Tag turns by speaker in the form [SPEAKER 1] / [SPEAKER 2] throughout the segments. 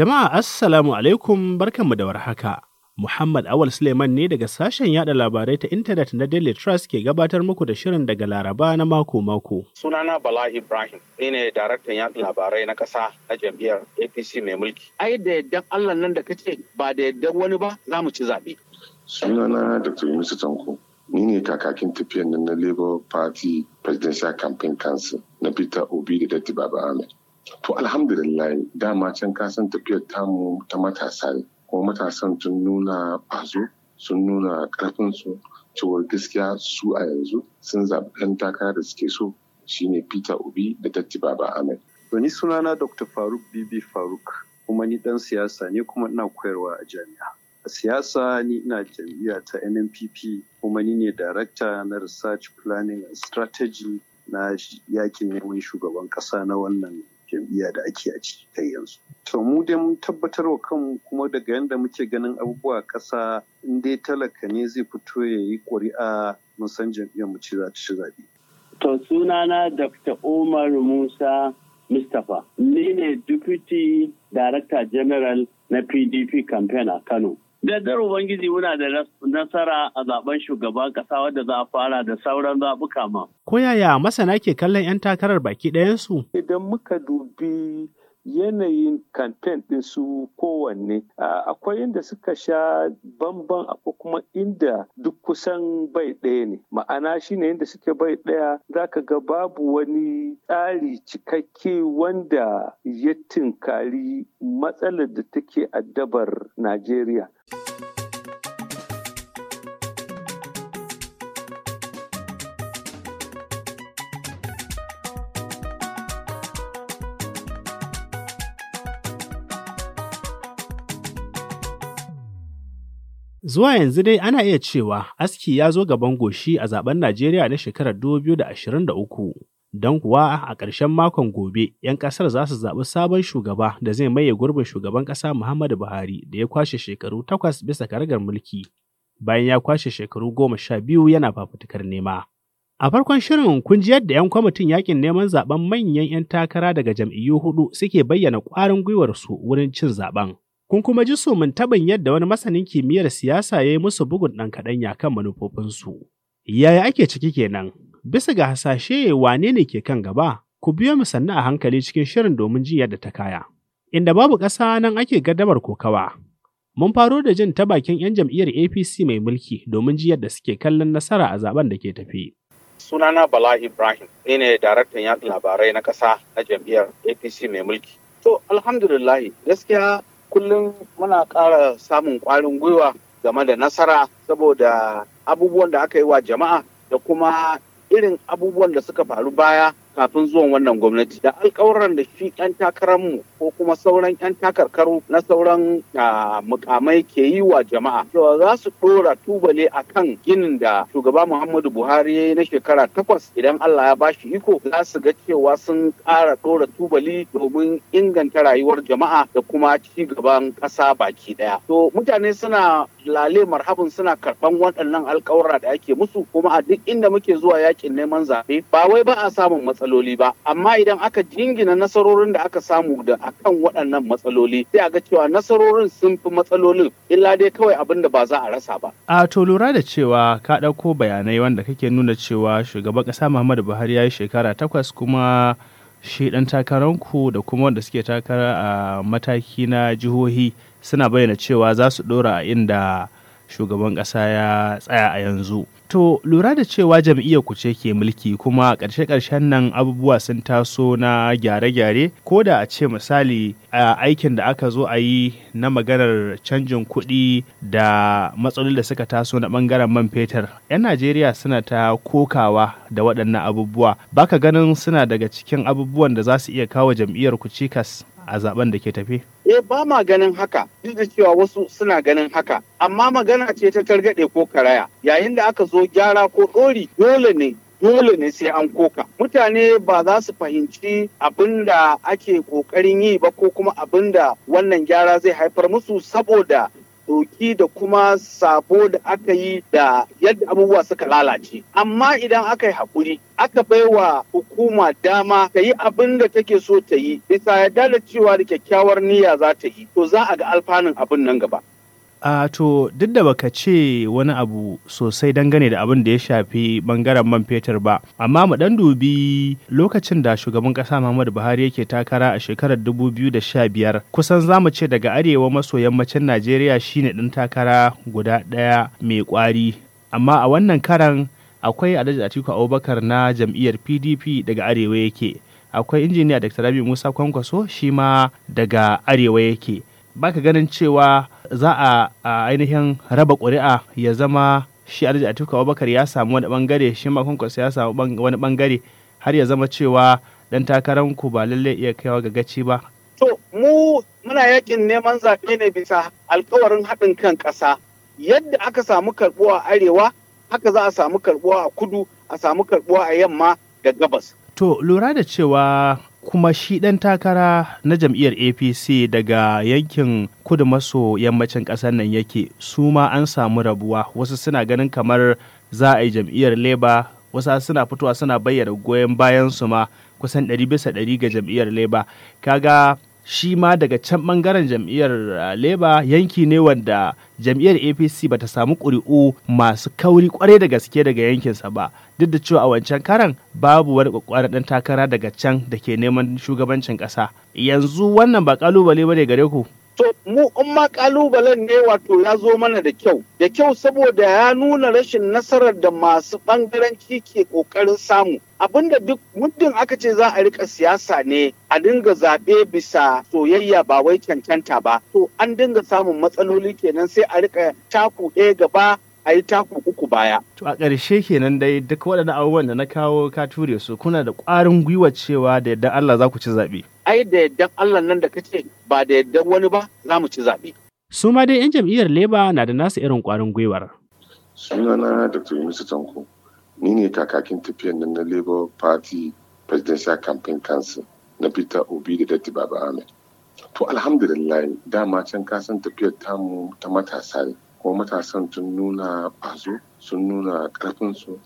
[SPEAKER 1] Jama'a Assalamu alaikum barkanmu da warhaka. Muhammad Awal Suleiman ne daga sashen yada labarai ta intanet na Daily Trust ke gabatar muku da shirin daga Laraba na mako-mako.
[SPEAKER 2] Sunana Bala Ibrahim, ni ne daraktan yada labarai na ƙasa na jam'iyyar APC mai mulki. Ai da yaddan Allah nan da kace ba da yaddan wani ba za mu ci zaɓe.
[SPEAKER 3] Sunana Dr. Yunusu Tanko, ni ne kakakin tafiyan nan na Labour Party Presidential Campaign Council na Peter Obi da Datti Ahmed. To alhamdulillah dama can kasan tafiyar tamu ta matasa ne, kuma matasan tun nuna bazo sun nuna ƙarfinsu cewar gaskiya su a yanzu sun zaɓi ɗan takara da suke so shine Peter Obi da Datti Baba Ahmed.
[SPEAKER 4] To sunana Dr. Faruk Bibi Faruk kuma ni ɗan siyasa ne kuma ina koyarwa a jami'a. A siyasa ni ina jam'iyya ta NNPP kuma ni ne darakta na Research Planning and Strategy na yakin neman shugaban Kasa na wannan jam'iyya da ake a ciki kai yanzu. To mu dai mun tabbatar wa kanmu kuma daga yadda muke ganin abubuwa ƙasa in dai talaka ne zai fito ya yi ƙuri'a mun san jam'iyyar mu ce za ta ci zaɓe. To sunana Dr. Umar Musa
[SPEAKER 5] Mustapha, ni ne Deputy Director General na PDP campaign a Kano. gaggar Ubangiji muna da nasara a zaben shugaban kasa wadda za a fara da sauran zaɓuka ma.
[SPEAKER 1] Ko yaya masana ke kallon 'yan takarar baki ɗayansu?
[SPEAKER 5] Idan muka
[SPEAKER 6] dubi yanayin kamfen ɗin su kowanne akwai inda suka sha bamban akwai kuma inda duk kusan bai ɗaya ne ma'ana shine inda suke bai ɗaya ka ga babu wani tsari cikakke wanda ya tinkari matsalar da take addabar najeriya.
[SPEAKER 1] Zuwa yanzu dai ana iya cewa aski ya zo gaban goshi a zaben Najeriya na shekarar 2023, don kuwa a ƙarshen makon gobe 'yan ƙasar za su zaɓi sabon shugaba da zai maye gurbin shugaban ƙasa Muhammadu Buhari da ya kwashe shekaru takwas bisa karagar mulki, bayan ya kwashe shekaru goma sha biyu yana fafutukar nema. A farkon shirin kun ji yadda 'yan kwamitin yakin neman zaben manyan 'yan takara daga jam'iyyu hudu suke bayyana ƙwarin gwiwarsu wurin cin zaben. Kun kuma ji su mun taɓin yadda wani masanin kimiyyar siyasa ya yi musu bugun ɗan kaɗan kaɗanya kan manufofinsu. Yaya ake ciki kenan? Bisa ga hasashe wane ne ke kan gaba? Ku biyo mu sannu a hankali cikin shirin domin jin yadda ta kaya. Inda babu ƙasa nan ake gaddamar kokawa. Mun faro da jin ta bakin 'yan jam'iyyar APC mai mulki domin ji yadda suke kallon nasara a zaben da ke tafi.
[SPEAKER 2] sunana Bala Ibrahim ni ne daraktan yaɗa labarai na ƙasa na jam'iyyar
[SPEAKER 5] APC mai mulki.
[SPEAKER 2] To alhamdulillahi gaskiya kullum muna ƙara samun ƙwarin gwiwa game da nasara saboda abubuwan da aka yi wa jama'a da kuma irin abubuwan da suka faru baya kafin zuwan wannan gwamnati da alkawuran da shi yan takararmu ko kuma sauran yan takarkaru na sauran mukamai ke yi wa jama'a cewa za su dora tubale a kan ginin da shugaba muhammadu buhari ya yi na shekara takwas idan allah ya bashi iko za su ga cewa sun ƙara ɗora tubali domin inganta rayuwar jama'a da kuma ci gaban ƙasa baki ɗaya to mutane suna lale marhabin suna karɓan waɗannan alkawura da ake musu kuma a duk inda muke zuwa yakin neman zaɓe ba wai ba a samun matsaloli ba amma idan aka jingina nasarorin da aka samu da akan waɗannan matsaloli sai a ga cewa nasarorin sun fi matsalolin illa dai kawai abin da ba za a rasa ba
[SPEAKER 1] a to lura da cewa ka ɗauko bayanai wanda kake nuna cewa shugaban ƙasa Muhammadu Buhari ya yi shekara takwas kuma shi ɗan takaranku da kuma wanda suke takara a mataki na jihohi suna bayyana cewa za su ɗora a inda shugaban ƙasa ya tsaya a yanzu. To lura da cewa jam'iyyar ku ce ke mulki kuma ƙarshe-ƙarshen nan abubuwa sun taso na gyare-gyare ko da a ce misali a aikin da aka zo a yi na maganar canjin kuɗi da matsalolin da suka taso na ɓangaren man fetur. 'Yan Najeriya suna ta kokawa da waɗannan abubuwa. Baka ganin suna daga cikin abubuwan da za su iya kawo jam'iyyar ku cikas. a zaben da ke tafe?
[SPEAKER 2] Eh ba ma ganin haka, duk da cewa wasu suna ganin haka, amma magana ce ta targaɗe ko karaya, yayin da aka zo gyara ko ɗori dole ne dole ne sai an koka mutane ba za su fahimci abin da ake ƙoƙarin yi ba ko kuma abin da wannan gyara zai haifar musu saboda doki da kuma sabo da aka yi da yadda abubuwa suka lalace amma idan aka yi haƙuri aka bai wa hukuma dama Ka yi abin da take so ta yi bisa yadda da cewa da kyakkyawar niyya za ta yi to za a ga alfanun abin nan gaba
[SPEAKER 1] a to duk da baka ce wani abu sosai dangane da abin da ya shafi bangaren man fetur ba amma mu ɗan dubi lokacin da shugaban ƙasa Muhammadu Buhari yake takara a shekarar 2015 kusan zamu ce daga arewa maso yammacin Najeriya shine dan takara guda ɗaya mai ƙwari. amma a wannan karan akwai Alhaji Atiku Abubakar na jam'iyyar PDP daga arewa yake akwai injiniya Dr. Rabi Musa Kwankwaso shi ma daga arewa yake baka ganin cewa za a ainihin raba ƙuri'a ya zama shi alhaji atiku abubakar ya samu wani bangare shi ma kwankwaso ya samu wani bangare har ya zama cewa dan ku ba lallai iya kaiwa ga gaci ba
[SPEAKER 2] to mu muna yakin neman zaɓe ne bisa alkawarin haɗin kan ƙasa yadda aka samu karɓuwa a arewa haka za a samu karɓuwa a kudu a samu karɓuwa a yamma da
[SPEAKER 1] gabas to lura da cewa kuma shi ɗan takara na jam'iyyar apc daga yankin kudu maso yammacin ƙasar nan yake su ma an samu rabuwa wasu suna ganin kamar za a yi jam'iyyar leba wasu suna fitowa suna bayyana goyon bayan su ma kusan ɗari bisa ɗari ga jam'iyyar leba kaga shi ma daga can bangaren jam'iyyar uh, Labour yanki ne wanda jam'iyyar APC ba ta samu ƙuri'u masu kauri kwarai da gaske daga yankinsa ba duk da cewa a wancan karan babu wani kwakwaran ɗan takara daga can da ke neman shugabancin ƙasa yanzu wannan ba ƙalubale ba ne gare ku
[SPEAKER 2] To mu in ma kalubalen ne wato ya zo mana da kyau. Da kyau saboda ya nuna rashin nasarar da masu ɓangaren ke ƙoƙarin samu. da duk muddin aka ce za a rika siyasa ne a dinga zaɓe bisa soyayya ba wai cancanta ba. To an dinga samun matsaloli kenan sai a rika taku ɗaya gaba a yi taku uku baya.
[SPEAKER 1] To a ƙarshe kenan dai duk waɗannan abubuwan da na kawo ka ture su kuna da ƙwarin gwiwa cewa da yadda Allah za ku ci zaɓe.
[SPEAKER 2] Ai da yadda Allah nan da ka ce ba da yadda wani ba za mu ci zaɓe.
[SPEAKER 1] Su ma dai 'yan jam'iyyar Leba na da nasu irin ƙwarin gwiwar.
[SPEAKER 3] Sunana Dr. Yunusu Tanko, ni ne kakakin tafiyar nan na Labour Party Presidential Campaign Council na Peter Obi da Datti Baba Ahmed. To alhamdulillah dama can kasan tafiyar tamu ta matasa ne. ko matasan sun nuna ƙwazo sun nuna ƙarfinsu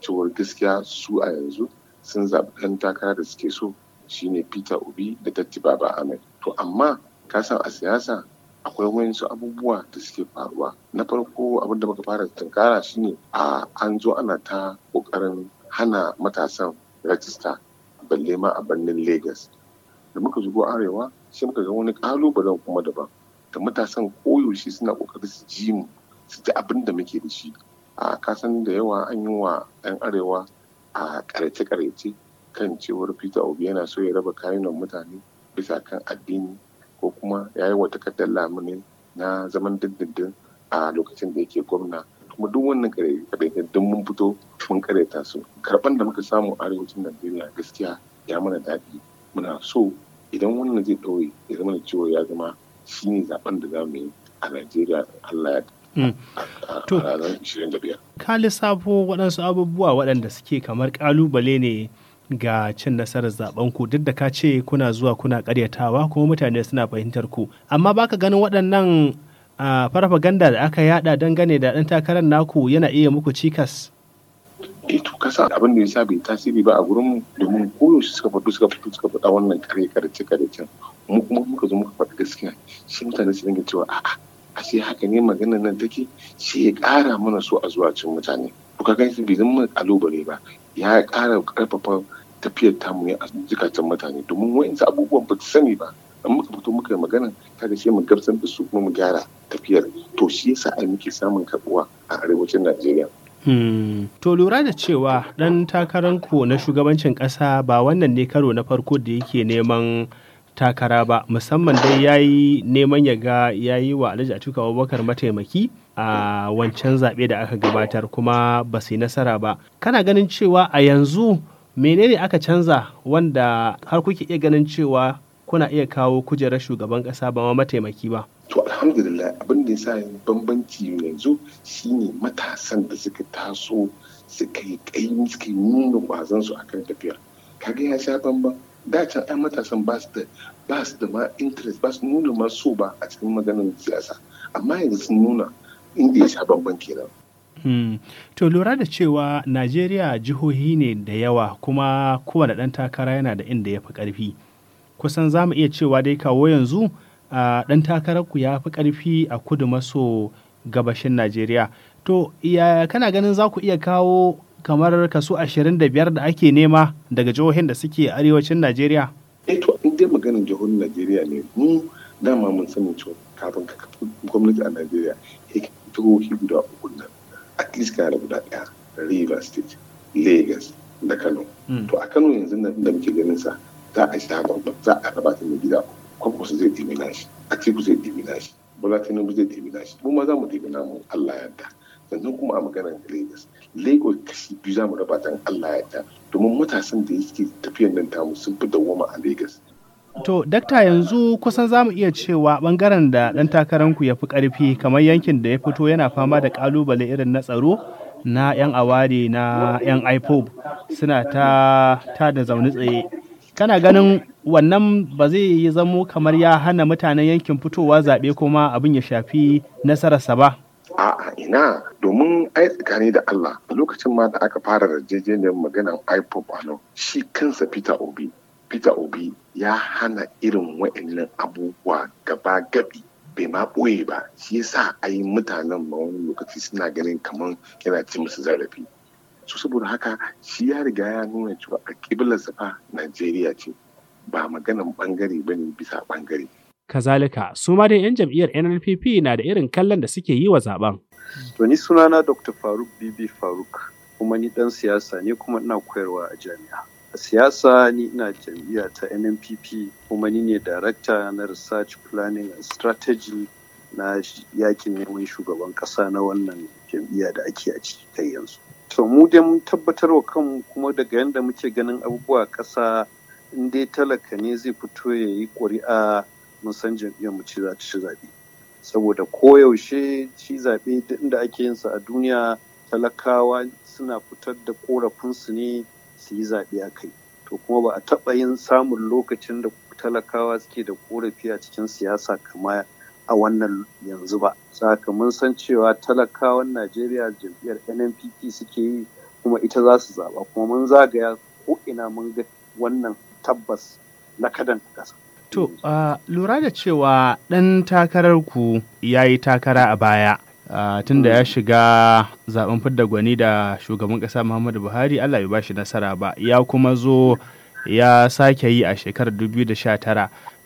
[SPEAKER 3] cewar gaskiya su a yanzu sun zaɓi ɗan takara da suke so shine peter obi da datti baba ahmed to amma ka san a siyasa akwai wayansu abubuwa da suke faruwa na farko abin da muka fara tunkara shine a an zo ana ta ƙoƙarin hana matasan rajista balle ma a birnin lagos da muka zubo arewa sai muka ga wani ƙalubalen kuma daban da matasan koyaushe suna kokarin su ji mu su ji abin da muke da shi a kasan da yawa an yi wa 'yan arewa a karece-karece kan cewar peter obi yana so ya raba kayan mutane bisa kan addini ko kuma ya yi wata takardar lamuni na zaman dindindin a lokacin da yake gwamna kuma duk wannan da mun fito mun karyata su karban da muka samu arewacin najeriya gaskiya ya mana daɗi muna so idan wannan zai ɗaure ya zama da cewa ya zama shi ne zaben da za mu yi a najeriya allah ya mm. To,
[SPEAKER 1] ka lissafo waɗansu abubuwa waɗanda suke kamar ƙalubale ne ga cin nasarar zaben ku duk da ka ce kuna zuwa kuna ƙaryatawa kuma mutane suna fahimtar ku. Amma baka ganin waɗannan ah, farfaganda da aka yada dangane da ɗan takarar naku yana iya muku cikas?
[SPEAKER 3] eh to kasa abin da ya sa bai tasiri ba a gurin domin koyaushe suka fito suka fito suka fada wannan kare kare ce mu kuma muka zo muka fada gaskiya shi mutane su dinga cewa a'a a sai haka ne maganar nan take shi ya ƙara mana so a zuwa cin mutane to ka gani bai zama kalubale ba ya kara karfafa tafiyar ta ne a zukatan mutane domin wa'insu abubuwan ba su sani ba an muka fito muka magana ta da mu gamsar da su kuma mu gyara tafiyar to shi yasa ai muke samun karbuwa a arewacin Najeriya
[SPEAKER 1] To lura da cewa ɗan takararku na shugabancin ƙasa ba wannan ne karo na farko da yake neman takara ba musamman dai ya yi neman ya ga ya yi wa Alhaji Atiku Abubakar mataimaki a wancan zaɓe da aka gabatar kuma ba su nasara ba. Kana ganin cewa a yanzu menene aka canza wanda har kuke iya ganin cewa kuna iya kawo kujerar shugaban ƙasa ba ma mataimaki ba?
[SPEAKER 3] to alhamdulillah abin da ya sa bambanci yanzu shine matasan da suka taso suka yi kaimi suka yi nuna kwazansu akan tafiyar kaga ya sha bamban da can ai matasan ba su da ba su da ma interest ba su nuna ma so ba a cikin maganar siyasa amma yanzu sun nuna inda ya sha bamban kenan
[SPEAKER 1] Hmm. To lura da cewa Najeriya jihohi ne da yawa kuma kowane ɗan takara yana da inda ya fi ƙarfi. Kusan za mu iya cewa dai kawo yanzu ɗan takararku ya fi ƙarfi a kudu maso gabashin Najeriya. To, ya kana ganin za ku iya kawo kamar kaso 25 da ake nema daga jihohin da suke arewacin Najeriya?
[SPEAKER 3] Eh to, in dai maganin jihohin Najeriya ne, mu dama mun sani cewa kafin ka gwamnati a Najeriya, jihohi guda uku nan, at least da guda ɗaya, River State, Lagos da Kano. Mm. To, a Kano yanzu da muke ganin sa, za a sha za a raba ta gida uku. kwakwas zai dimina shi atiku zai dimina shi bola tinubu zai dimina shi mu ma za mu dimina mu allah yadda sannan kuma a maganar lagos lagos kashi biyu za mu raba allah yadda domin matasan da ke tafiyan nan tamu sun fi dawwama a lagos
[SPEAKER 1] To, dakta yanzu kusan za mu iya cewa bangaren da ɗan takararku ya fi karfi kamar yankin da ya fito yana fama da ƙalubale irin na tsaro na 'yan awari na 'yan ipob suna ta da zaune tsaye kana ganin wannan ba zai zamo kamar ya hana mutanen yankin fitowa zaɓe kuma abin ya shafi nasararsa ba
[SPEAKER 3] A'a ina domin ai tsakani da Allah a lokacin ma da aka fara rajejeniyar maganan IPOP ano shi kansa Peter Obi Peter Obi ya hana irin wa'annan abubuwa gaba gabi bai ma ɓoye ba shi yasa ai mutanen ma wani lokaci suna ganin kamar yana ci musu zarafi su saboda haka shi ya riga ya nuna cewa a kiblar fa najeriya ce ba maganan bangare ba ne bisa bangare
[SPEAKER 1] kazalika su ma dai yan jam'iyyar nnpp na da irin kallon da suke yi wa zaben
[SPEAKER 4] to ni sunana dr faruk bibi faruk kuma ni dan siyasa ne kuma ina koyarwa a jami'a a siyasa ni ina jam'iyya ta nnpp kuma ni ne darakta na research planning and strategy na yakin neman shugaban kasa na wannan jam'iyya da ake a ciki kai yanzu to mu dai mun tabbatar wa kanmu kuma daga yadda muke ganin abubuwa ƙasa in dai talaka ne zai fito ya yi ƙuri'a mun san jam'iyyar mu ce za ta ci zaɓe saboda koyaushe ci zaɓe inda ake yin sa a duniya talakawa suna fitar da korafinsu ne su yi zaɓe a kai to kuma ba a taɓa yin samun lokacin da talakawa suke da korafi a cikin siyasa kama a wannan yanzu ba saka mun san cewa talakawan najeriya jam'iyyar nnpp suke yi kuma ita za su zaɓa kuma mun zagaya ko ina mun ga wannan tabbas na kadan ƙasa
[SPEAKER 1] to lura da cewa ɗan ku ya yi takara a baya Uh, tun ya mm. shiga zaben fidda gwani da shugaban kasa muhammadu buhari allah ya bashi nasara ba ya kuma zo ya sake yi a shekarar 2019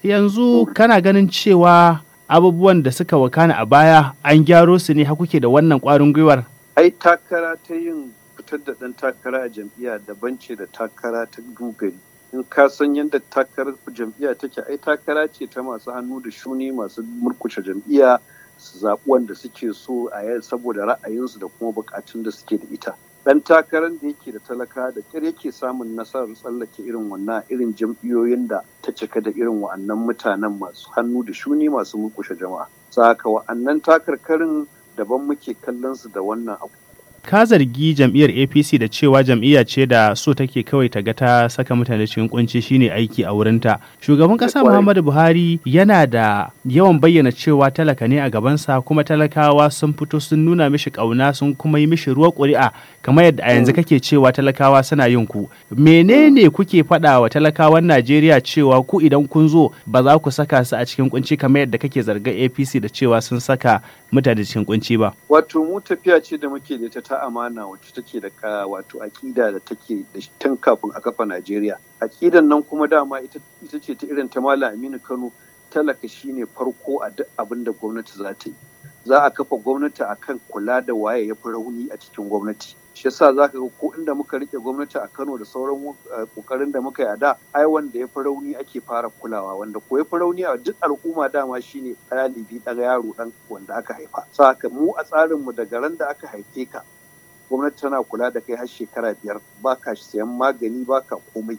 [SPEAKER 1] yanzu kana ganin cewa abubuwan da suka wakana a baya an gyaro su ne kuke da wannan kwarin gwiwar?
[SPEAKER 4] Ai takara ta yin fitar da ɗan takara a jam'iyya daban ce da takara ta dogari. In ka san yadda takarar jam'iyya take ai takara ce ta masu hannu da shuni masu murkushe jam'iyya su zaɓi wanda suke so a saboda ra'ayinsu da kuma buƙatun da suke da ita. dan takarar da yake da talaka da kyar yake samun nasarar tsallake irin wannan irin jam'iyyoyin da ta cika da irin wa'annan mutanen masu hannu da shuni masu murkushe jama'a saka wa'annan takarkarin daban muke kallon su da wannan abu
[SPEAKER 1] ka zargi jam'iyyar apc da cewa jam'iyya ce da so take kawai ta ga ta saka mutane cikin kunci shine aiki a wurinta shugaban kasa muhammadu buhari yana da yawan bayyana cewa talaka ne a gabansa kuma talakawa sun fito sun nuna mishi kauna sun kuma yi mishi ruwa ƙuri'a kamar yadda a yanzu mm. kake cewa talakawa suna yin ku menene mm. kuke faɗa wa talakawan najeriya cewa ku idan kun zo ba za ku saka su a cikin kunci kamar yadda kake zarga apc da cewa sun saka mutane cikin kunci ba.
[SPEAKER 4] Wato mu tafiya ce da muke da ita ta amana wacce take da ka wato akida da take da tun kafin a kafa Najeriya. Akidan nan kuma dama ita ce ta irin ta Malam Aminu Kano talaka shine farko a duk abin da gwamnati za ta yi. Za a kafa gwamnati akan kula da waye ya fi rauni a cikin gwamnati. shi yasa za ka ga ko inda muka rike gwamnati a Kano da sauran kokarin eh, da muka yi a da ai wanda ya fi rauni ake fara kulawa wanda ko ya fi rauni a duk al'umma dama shine ɗalibi ɗaga yaro ɗan wanda aka haifa saka mu a tsarin mu daga ran da aka haife ka gwamnati tana kula da kai har shekara biyar ba ka sayan magani ba ka komai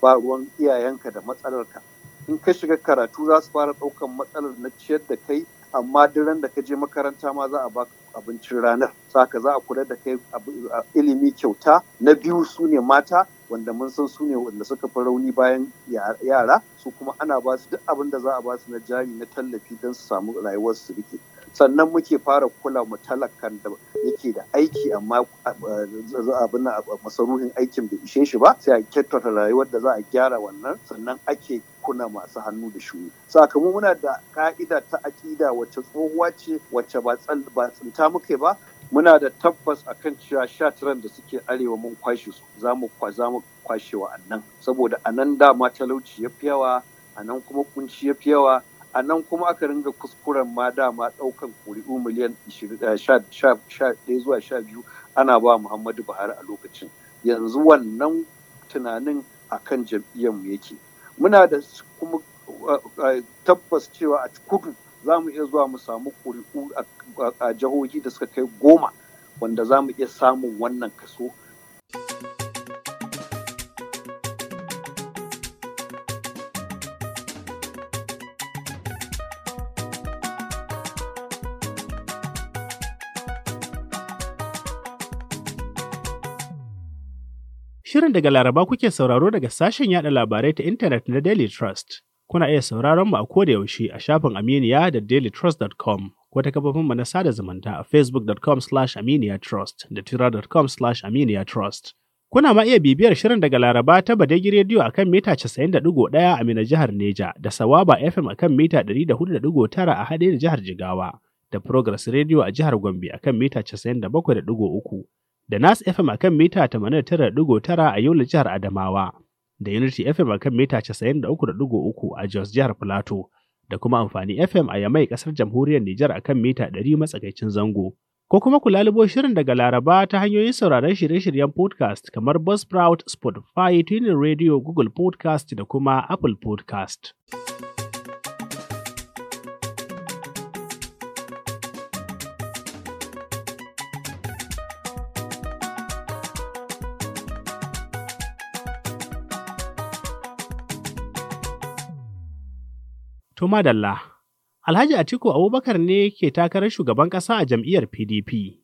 [SPEAKER 4] ba ruwan iyayenka da matsalarka in ka shiga karatu za su fara ɗaukan matsalar na ciyar da kai amma diran da ka je makaranta ma za a ba abincin ranar saka za a kula da kai ilimi kyauta na biyu su ne mata wanda mun san su ne wanda suka fi rauni bayan yara su kuma ana ba su duk abin da za a ba su na jari na tallafi don su samu rayuwar su rike sannan muke fara kula mu talakan da yake da aiki amma abin masaruhin aikin bai ishe shi ba sai a kyautata rayuwar da za a gyara wannan sannan ake kuna masu hannu da shuni sakamakon muna da ka'ida ta aƙida wacce tsohuwa ce wacce ba tsinta muke ba muna da tabbas akan cewa tiran da suke arewa mun kwashe su za mu kwashe wa annan saboda anan dama talauci ya fi yawa anan kuma kunci ya fi yawa a nan kuma aka ringa kuskuren ma dama ɗaukan kuri'u miliyan 11 eh, zuwa 12 ana ba muhammadu buhari a lokacin yanzu wannan tunanin akan jam'iyyar jam'iyyarmu yake muna da kuma eh, eh, tabbas cewa a kudu za mu iya zuwa mu samu kuri'u a jihohi da suka kai goma wanda za mu iya samun wannan kaso
[SPEAKER 1] Shirin daga Laraba kuke sauraro daga sashen yada labarai ta intanet na Daily Trust. Kuna iya sauraron mu a koda yaushe a shafin Aminiya da dailytrust.com ko ta mu na sada zumunta a facebookcom aminiyatrust da twittercom aminiyatrust. Kuna ma iya bibiyar shirin daga Laraba ta Badegi Radio a kan mita 90.1 a Mina jihar Neja da Sawaba FM a kan mita 104.9 a da jihar Jigawa da Progress Radio a jihar Gombe a kan mita 97.3. da Nas FM akan mita 89.9 a Yola jihar Adamawa, da Unity FM akan mita 93.3 a Jos jihar Plateau, da kuma amfani FM a Yamai kasar jamhuriyar Nijar akan mita 100 matsakaicin zango. Ko kuma ku lalubo shirin daga Laraba ta hanyoyin sauraron shirye-shiryen podcast kamar Buzzsprout, Spotify, Tuning Radio, Google Podcast da kuma Apple Podcast. To madalla, Alhaji Atiku Abubakar ne ke takarar shugaban ƙasa a jam'iyyar PDP.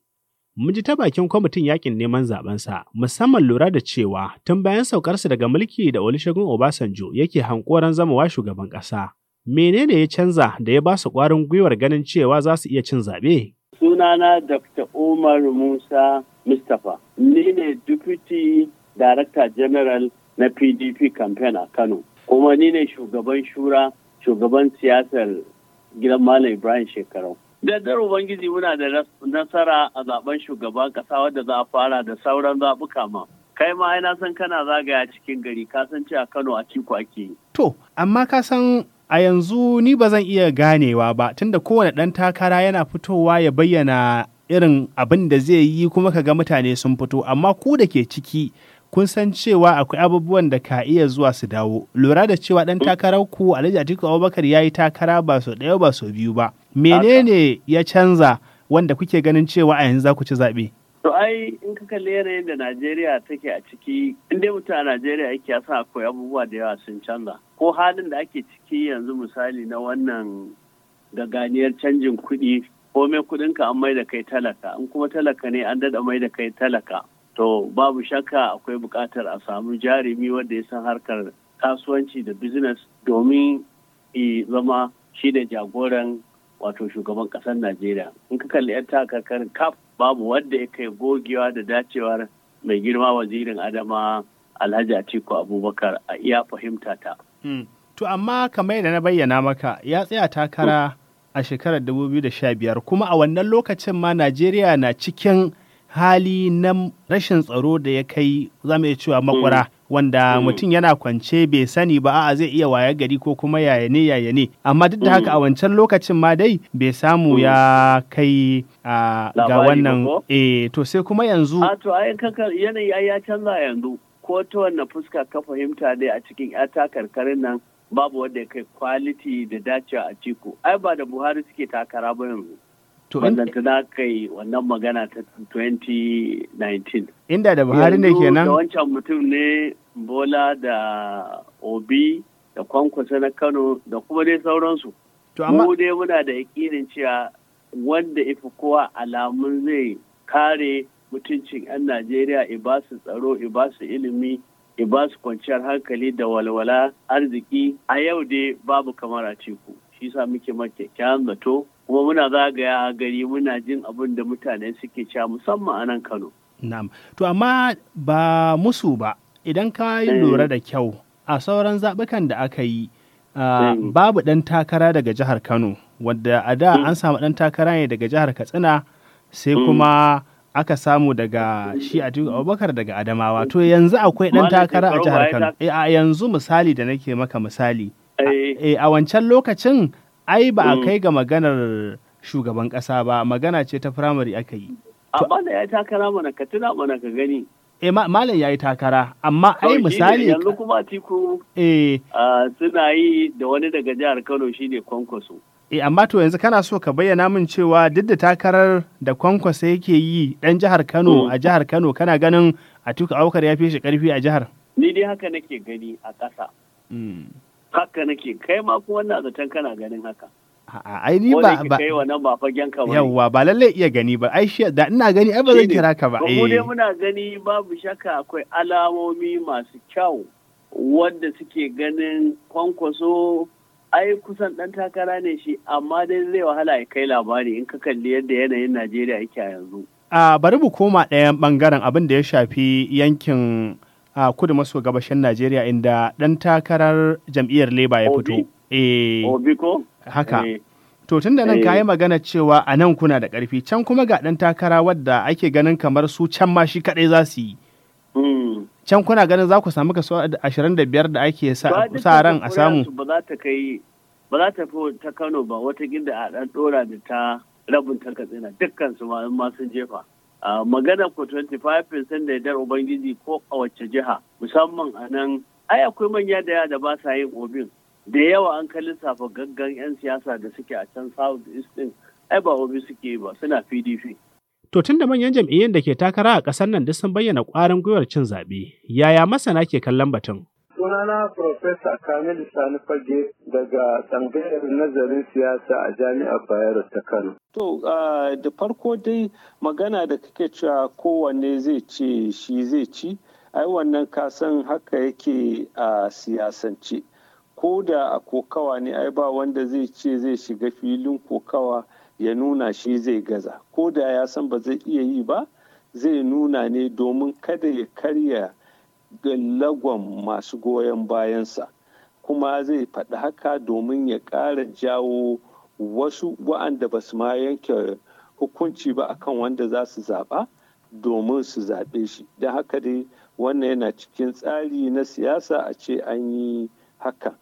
[SPEAKER 1] Mun ji ta bakin kwamitin yakin neman zabensa, musamman lura da cewa tun bayan saukarsa daga mulki da Olusegun Obasanjo yake hankoran zamawa shugaban ƙasa. Menene ya canza da ya ba su ƙwarin gwiwar ganin cewa za su iya cin zaɓe?
[SPEAKER 5] Sunana Dr. Umar Musa Mustapha, ni ne Deputy Director General na PDP campaign a Kano, kuma ni ne shugaban shura shugaban siyasar gidan Malam Ibrahim Shekarau. Daddar Ubangiji muna da nasara a zaben shugaban kasa wadda za a fara da sauran zaɓuka ma. Kai ma na san kana zagaya cikin gari ka san a Kano a ciko ake
[SPEAKER 1] To, amma ka san a yanzu ni ba zan iya ganewa ba tunda kowane ɗan takara yana fitowa ya bayyana irin abin da zai yi kuma ka ga mutane sun fito amma ku da ke ciki kun san cewa akwai abubuwan da ka iya zuwa su dawo lura da cewa dan mm. takarar ku Alhaji Atiku Abubakar yi takara ba so ɗaya ba so biyu ba menene ya canza wanda kuke ganin cewa a yanzu za ku ci zaɓe
[SPEAKER 5] to ai in ka kalli yanayin da Najeriya take a ciki in dai mutum a Najeriya yake ya sa akwai abubuwa da yawa sun canza ko halin da ake ciki yanzu misali na wannan ganiyar canjin kuɗi komai kuɗinka an mai da kai talaka in kuma talaka ne an dada mai da kai talaka to babu shakka akwai buƙatar a samu jarumi wanda ya san harkar kasuwanci da business domin i zama shi da jagoran wato shugaban ƙasar najeriya in ka kalli 'yan takarkarin kaf babu wanda ya kai gogewa da dacewar mai girma wazirin adama alhaji atiku abubakar a iya fahimta ta hmm. to
[SPEAKER 1] amma kamar yadda na bayyana maka ya tsaya takara a shekarar 2015 kuma a wannan lokacin ma najeriya na cikin hali na rashin tsaro da ya kai za iya cewa makwara mm. wanda mm. mutum yana kwance bai sani ba a'a zai iya waya gari ko kuma yaya ne ne amma duk da mm. haka a wancan lokacin ma dai bai samu ya kai ga wannan eh to sai kuma yanzu a
[SPEAKER 5] to ai yanayi ya canza yanzu ko ta wannan fuska ka fahimta dai a cikin 'yata karkarin nan babu wanda ya kai quality da dacewa a ciko ai ba da buhari suke takara ba yanzu aka yi wannan magana ta 2019 inda da buhari ne kenan da wancan mutum ne bola da obi da kwankwasa na kano da kuma dai sauransu mu dai muna da yakinin cewa wanda ifi kowa alamun zai kare mutuncin 'yan najeriya ibasu tsaro ibasu ilimi ibasu kwanciyar hankali da walwala arziki a yau dai babu kamar a ciku shi sa muke ma kyakkyawan zato kuma muna zagaya gari muna jin abin da mutane suke sha musamman a nan Kano.
[SPEAKER 1] Na'am. To amma ba musu ba idan ka yi eh. lura da kyau a sauran zaɓukan da aka yi eh. babu ɗan takara daga jihar Kano wadda a da hmm. an samu ɗan takara ne daga jihar Katsina sai hmm. kuma aka samu daga shi a Abubakar daga Adamawa to yanzu akwai ɗan takara a jihar Kano eh, yanzu misali da nake maka misali a wancan lokacin ai ba a mm. kai ga maganar shugaban ƙasa ba magana ce ta firamare aka yi.
[SPEAKER 5] Amma da ya takara mana ka tuna mana ka gani. E
[SPEAKER 1] malam ya yi takara amma ai misali. Yanzu
[SPEAKER 5] kuma tiku eh. suna yi da wani daga jihar Kano shine kwankwaso.
[SPEAKER 1] E amma to yanzu kana so ka bayyana min cewa duk da takarar da kwankwaso yake yi ɗan jihar Kano mm. a jihar Kano kana ganin a tuka aukar ya fi shi ƙarfi a jihar.
[SPEAKER 5] Ni dai haka nake gani a ƙasa. Mm. haka nake kai ma kuma wannan zaton kana ganin haka
[SPEAKER 1] A ni ba ba kai
[SPEAKER 5] wannan ba fagen ka ba yawa
[SPEAKER 1] ba lalle iya gani ba ai da ina gani ai ba zan kira ka ba eh Ko dai
[SPEAKER 5] muna gani babu shakka akwai alamomi masu kyau wanda suke ganin kwankwaso ai kusan dan takara ne shi amma dai zai wahala ya kai labari in ka kalli yadda yanayin Najeriya yake a yanzu.
[SPEAKER 1] A ah, bari mu koma ɗayan bangaren abin da ya shafi yankin a kudu maso gabashin Najeriya inda ɗan takarar jam'iyyar Leba ya
[SPEAKER 5] fito. Eh. ko? haka. Eh.
[SPEAKER 1] To tun da nan ka yi eh. magana cewa a nan kuna da ƙarfi can kuma ga ɗan takara wadda ake ganin kamar su can ma shi kaɗai za su yi. Hmm. Can kuna ganin za ku samu kaso ashirin da biyar da ake sa ran a samu. Ba
[SPEAKER 5] za ta kai ba ta ta Kano ba wata gida a ɗan ɗora da ta rabin takatsina katsina dukkan su ma sun jefa. magana ku 25% da yadda ubangiji ko a wacce jiha musamman a nan ai akwai manya da yawa da ba sa yin obin da yawa an ka lissafa gaggan 'yan siyasa da suke a can south east din ai ba obi suke ba suna pdp
[SPEAKER 1] to tun da manyan jam'iyyun da ke takara a ƙasar nan duk sun bayyana ƙwarin gwiwar cin zaɓe yaya masana ke kallon batun
[SPEAKER 4] sunana Profesa Kamil Sani Fage daga tsangayar nazarin siyasa a Jami'ar Bayero ta Kano. To,
[SPEAKER 6] da farko dai magana da kake cewa kowanne zai ce shi zai ci, ai wannan kasan haka yake a siyasance. Ko da a kokawa ne ai ba wanda zai ce zai shiga filin kokawa ya nuna shi zai gaza. Ko da ya san ba zai iya yi ba, zai nuna ne domin kada ya karya. lagon masu goyon bayansa kuma zai faɗi haka domin ya ƙara jawo wasu wa'anda ba su ma yanke hukunci ba akan wanda za su zaɓa domin su zaɓe shi don haka dai wannan yana cikin tsari na siyasa a ce an yi haka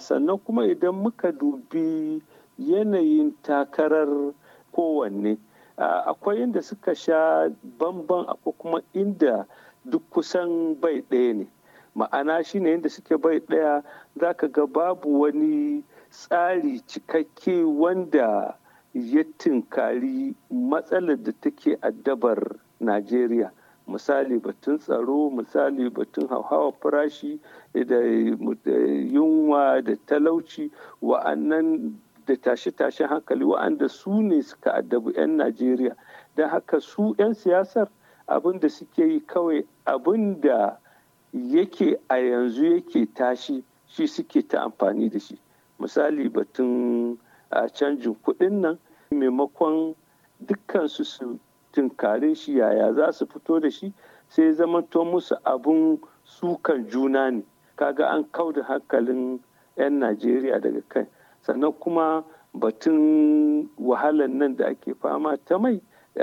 [SPEAKER 6] sannan kuma idan muka dubi yanayin takarar kowanne akwai inda suka sha bamban akwai kuma inda duk kusan bai ɗaya ne ma'ana shi ne yadda suke bai ɗaya za ka ga babu wani tsari cikakke wanda ya tinkari matsalar da take addabar najeriya misali batun tsaro misali batun hauhawa farashi da yunwa da talauci wa'annan da tashe-tashen hankali wa'anda su ne suka addabi 'yan najeriya don haka su 'yan siyasar abin da suke yi kawai abin da yake a yanzu yake tashi shi suke ta amfani da shi misali batun a canjin kuɗin nan maimakon dukkansu su tunkare shi yaya za su fito da shi sai zamanto musu abun sukan juna ne kaga an da hankalin 'yan najeriya daga kai sannan kuma batun wahalan nan da ake fama ta mai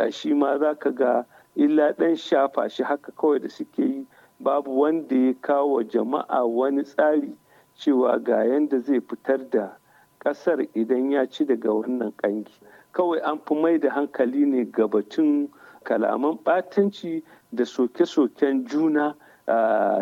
[SPEAKER 6] shi ma za ka ga illa ɗan shafa shi haka kawai da suke yi babu wanda ya kawo wa jama'a wani tsari cewa ga yanda zai fitar da ƙasar idan ya ci daga wannan ƙangi kawai an fi mai da hankali ne ga batun kalaman ɓatanci da soke-soken juna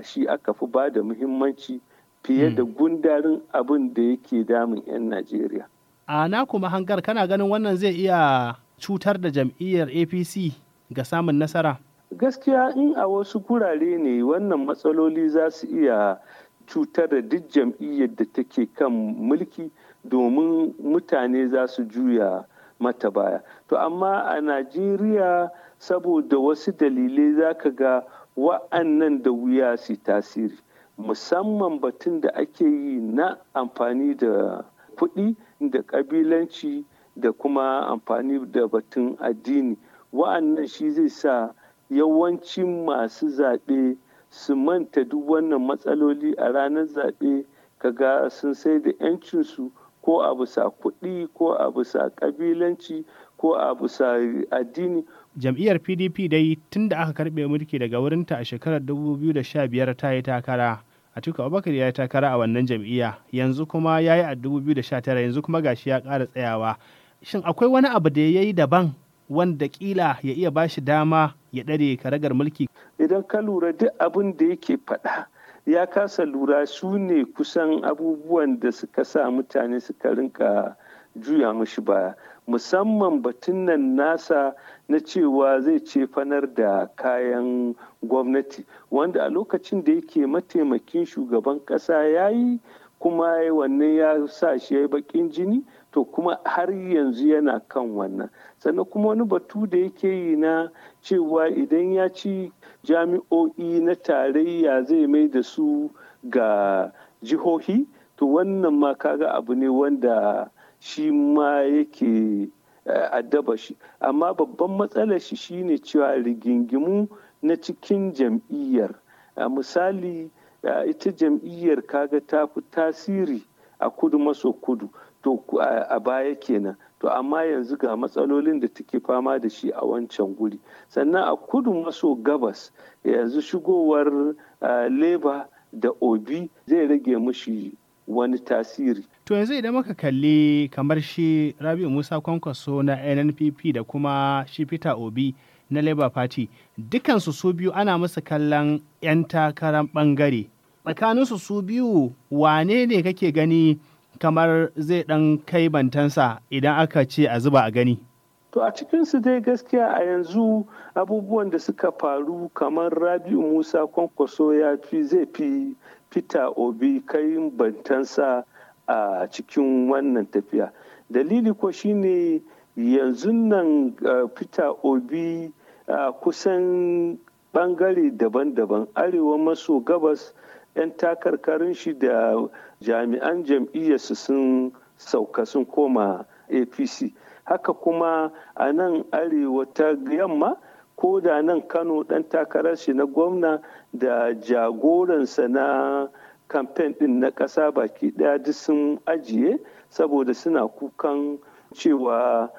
[SPEAKER 6] shi aka fi ba da muhimmanci fiye da hmm. gundarin abin da yake damun 'yan najeriya
[SPEAKER 1] a na kuma hangar kana ganin wannan zai iya cutar da jam'iyyar apc ga samun nasara?
[SPEAKER 6] Gaskiya in a wasu kurare ne wannan matsaloli za su iya cutar da duk jam'iyyar da take kan mulki domin mutane za su juya mata baya. To amma a Najeriya saboda wasu dalilai za ka ga wa'annan da wuya su tasiri musamman batun da ake yi na amfani da kuɗi da ƙabilanci da kuma amfani da batun addini. wa'annan shi zai sa yawancin masu zaɓe su manta duk wannan matsaloli a ranar zaɓe kaga sun sai da 'yancinsu ko a bisa kuɗi ko a bisa ƙabilanci ko a bisa addini
[SPEAKER 1] jam'iyyar pdp dai tun da aka karɓe mulki daga wurinta a shekarar 2015 ta yi takara a tuka abubakar ya yi takara a wannan jam'iyya yanzu kuma ya yi a 2019 yanzu kuma gashi ya ƙara tsayawa shin akwai wani abu da ya yi daban wanda kila ya iya bashi dama ya ɗare karagar mulki.
[SPEAKER 6] Idan ka lura duk abin da yake faɗa ya kasa lura su ne kusan abubuwan da suka sa mutane suka rinka juya mushi baya musamman batun nan nasa na cewa zai ce fanar da kayan gwamnati wanda a lokacin da yake mataimakin shugaban ƙasa ya yi kuma wannan ya sa shi ya yi bakin jini to kuma har yanzu yana kan wannan sannan kuma wani batu da yake yi na cewa idan ya ci jami'o'i na tarayya zai mai da su ga jihohi to wannan ma kaga abu ne wanda shi ma yake eh, addaba shi amma babban matsalar shi shine cewa rigingimu na cikin jam'iyyar misali da ita jam'iyyar kaga ta fi tasiri a kudu maso kudu to a baya kenan to amma yanzu ga matsalolin da take fama da shi a wancan guri sannan a kudu maso gabas yanzu shigowar leba da obi zai rage mushi wani tasiri
[SPEAKER 1] to yanzu idan muka kalli kamar shi rabi'u musa kwankwaso na nnpp da kuma shi peter obi na labour party dukansu su biyu ana masa kallon 'yan takarar bangare tsakaninsu su biyu wane ne kake gani kamar zai ɗan kai bantansa idan aka ce a zuba a gani?
[SPEAKER 6] To a cikinsu dai gaskiya a yanzu abubuwan da suka faru kamar Rabi'u Musa kwankwaso ya fi zai fi fita obi kai bantansa a cikin wannan tafiya. Dalili ko shine yanzu nan fita eh, obi eh, kusan bangare daban-daban arewa maso gabas 'yan takarkarin shi da jami'an jam'iyyarsu sun sauka sun koma apc haka kuma a nan arewa ta yamma ko da nan kano dan takarar shi na gwamna da jagoransa na kamfen din na ƙasa baki ɗaya duk sun ajiye saboda suna kukan cewa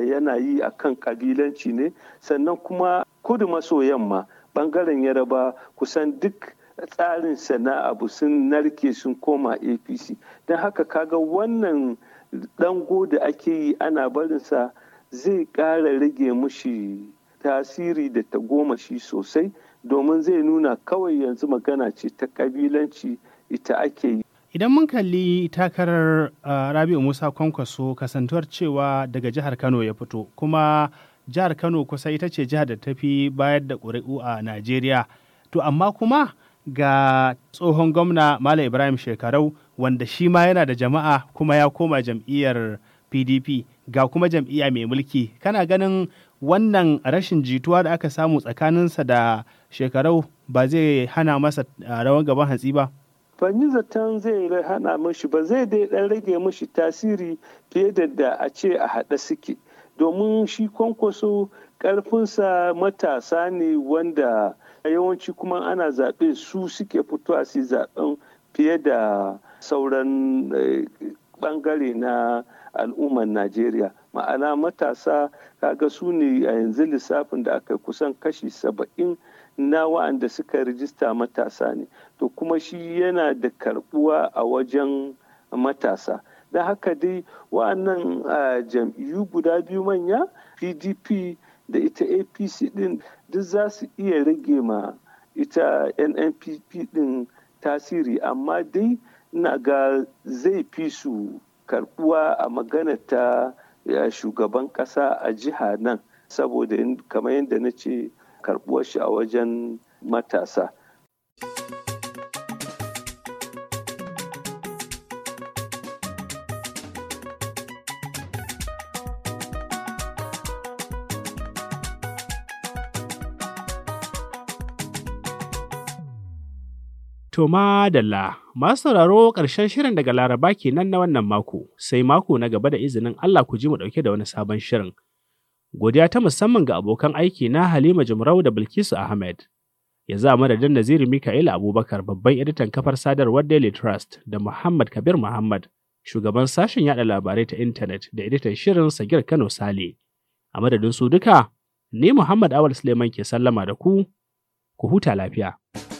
[SPEAKER 6] yana yi a kan ƙabilanci ne sannan kuma kudu maso yamma ɓangaren yaraba kusan duk tsarin na abu sun narke sun koma apc don haka kaga wannan dango da ake yi ana barinsa zai kara rage mushi tasiri da ta goma shi sosai domin zai nuna kawai yanzu magana ce ta kabilanci ita ake yi
[SPEAKER 1] idan mun kalli takarar rabi'u musa kwankwaso kasantuwar cewa daga jihar kano ya fito kuma jihar kano kusa ita ce jihar da tafi bayar da ƙuri'u a najeriya to amma kuma ga tsohon gwamna Malam Ibrahim Shekarau wanda shi ma yana da jama'a kuma ya koma jam'iyyar PDP ga kuma jam'iyya mai mulki. Kana ganin wannan rashin jituwa da aka samu tsakaninsa da Shekarau ba zai hana masa uh, rawan gaban hatsi ba?
[SPEAKER 6] ban zaton zai hana mashi ba zai dai dan rage mashi tasiri fiye da da a ce a haɗe suke. domin shi kwankwaso karfinsa matasa ne wanda yawanci kuma ana zaɓe su suke fitowa su zaɓen fiye da sauran eh, ɓangare na al'ummar najeriya ma'ana matasa kaga su ne a yanzu lissafin da aka kusan kashi saba'in na wa'anda suka rijista matasa ne to kuma shi yana da karbuwa a wajen matasa da haka dai wa'annan jam'iyyu guda biyu manya pdp da ita apc din duk za su iya rage ma ita nnpp din tasiri amma dai na ga zai fi su karbuwa a magana ta shugaban kasa a jiha nan saboda kamar yadda na ce karbuwar shi a wajen matasa.
[SPEAKER 1] To madalla, masu sauraro ƙarshen shirin daga Laraba ke nan na wannan mako, sai mako na gaba da izinin Allah ku ji mu ɗauke da wani sabon shirin. Godiya ta musamman ga abokan aiki na Halima Jumrau da Bilkisu Ahmed. Ya za madadin Naziru Mika'il Abubakar babban editan kafar sadarwar Daily Trust da Muhammad Kabir Muhammad, shugaban sashen yada labarai ta intanet da editan shirin Sagir Kano Sale. A madadin su duka, ni Muhammad Awal Suleiman ke sallama da ku, ku huta lafiya.